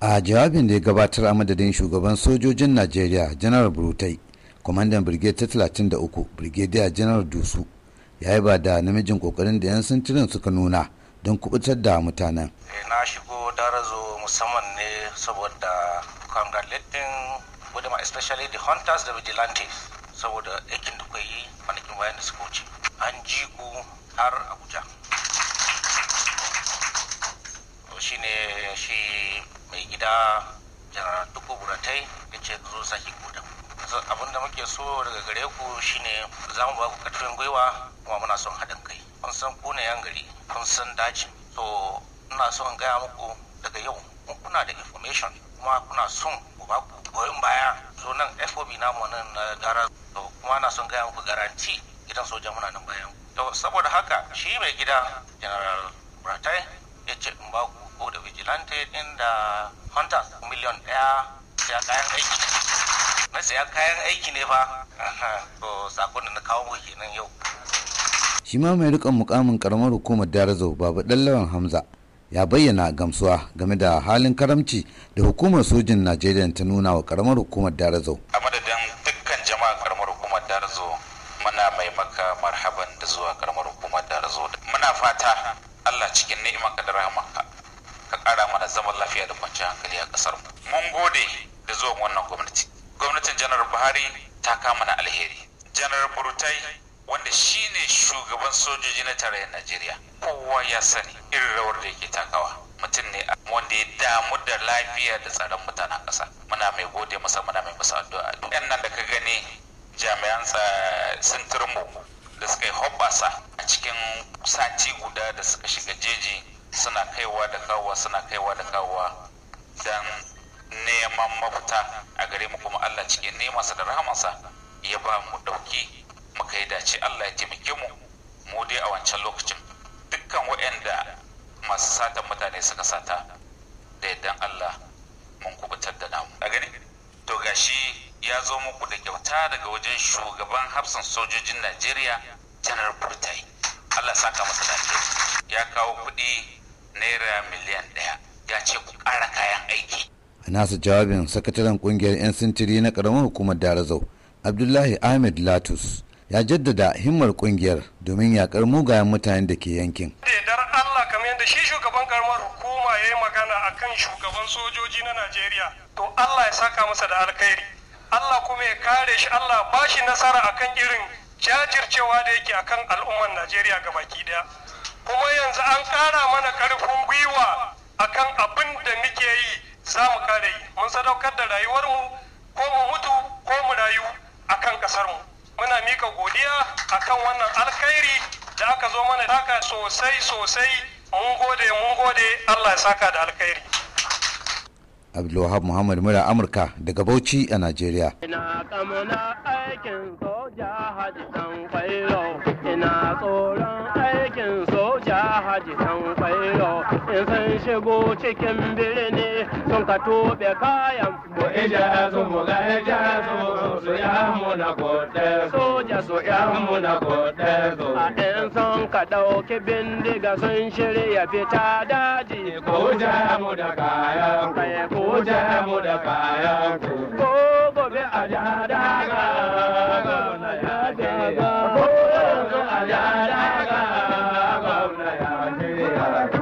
a jawabin da ya gabatar a madadin shugaban sojojin najeriya janar burutai kwamandan brigade ta 33 brigadier janar dusu ya yi ba da namijin kokarin da yan sintirin suka nuna don kubutar da mutanen eh, na shigo darazo musamman ne saboda congratulating guduma especially the hunters da vigilantes saboda aikin da kwayi yi kwanakin bayan da suka wuce an ji ku har abuja ne shi mai gida janar duku buratai ya ce zo sake koda abin da muke so daga gare ku shine za mu ba ku ƙarfin gwiwa kuma muna son haɗin kai kun san kuna yan gari kun san daji so ina so in gaya muku daga yau kuna da information kuma kuna son ku ba ku goyon baya zo nan fob namu nan na gara kuma na son gaya muku garanti gidan soja muna nan bayan saboda haka shi mai gida general buratai ya ce in ba ku ko da vigilante din da hunter miliyon daya ya kayan aiki na siya kayan aiki ne fa to sakon da na kawo kenan yau shi ma mai rikon mukamin karamar hukumar darazo babu dallawan hamza ya bayyana gamsuwa game da halin karamci da hukumar sojin najeriya ta nuna wa karamar hukumar darazo a madadin dukkan jama'a karamar hukumar darazo muna mai maka marhaban da zuwa karamar hukumar darazo muna fata allah cikin ni'imar da rahamarka ka kara mana zaman lafiya da kwanciyar hankali a kasar mu mun gode da zuwan wannan gwamnati gwamnatin janar buhari ta kama na alheri janar burutai wanda shine shugaban sojoji na tarayyar najeriya kowa ya sani irin rawar da yake takawa mutum ne wanda ya damu da lafiya da tsaron mutanen ƙasa muna mai gode masa muna mai masa addu'a yan nan da ka gani jami'an sun turmu da suka yi hobbasa a cikin sati guda da suka shiga jeji suna kaiwa da kawowa suna kaiwa da kawowa don neman mafita a gare mu kuma Allah cikin nemansa da rahamansa ya ba mu ɗauki muka yi dace Allah ya taimake mu mu dai a wancan lokacin dukkan waɗanda masu satan mutane suka sata da yadda Allah mun kubutar da namu a gani to gashi ya zo muku da kyauta daga wajen shugaban hafsan sojojin Najeriya janar Burtai Allah saka masa dace ya kawo kuɗi naira miliyan ɗaya ya ce ku ƙara kayan aiki a nasu jawabin sakataren ƙungiyar 'yan sintiri na ƙaramin hukumar darazau abdullahi ahmed latus ya jaddada himmar ƙungiyar, domin yaƙar mugayen mutanen da ke yankin dar allah kamar yadda shi shugaban karamar hukuma ya yi magana akan shugaban sojoji na najeriya to allah ya saka masa da alkhairi allah kuma ya kare shi allah ba shi nasara akan irin jajircewa da yake akan al'ummar najeriya ga baki daya kuma yanzu an ƙara mana karfin gwiwa akan abin da muke yi za mu kare yi mun sadaukar da rayuwarmu ko mu mutu ko mu rayu akan ƙasarmu muna mika godiya akan wannan alkhairi da aka zo mana taka sosai sosai mun gode mun gode allah ya saka da alkhairi abdulwahab muhammad mura amurka daga bauchi a najeriya soja tsoron aikin soja haji dan kwairo in sun shigo cikin birni sun ka tobe kayan mu ija su mu ga ija su su ya mu na kote soja su ya mu na kote su a in sun ka dauki bindiga sun shirya fita daji ko ja mu da kayan ko ja mu da kayan ko gobe a ja daji her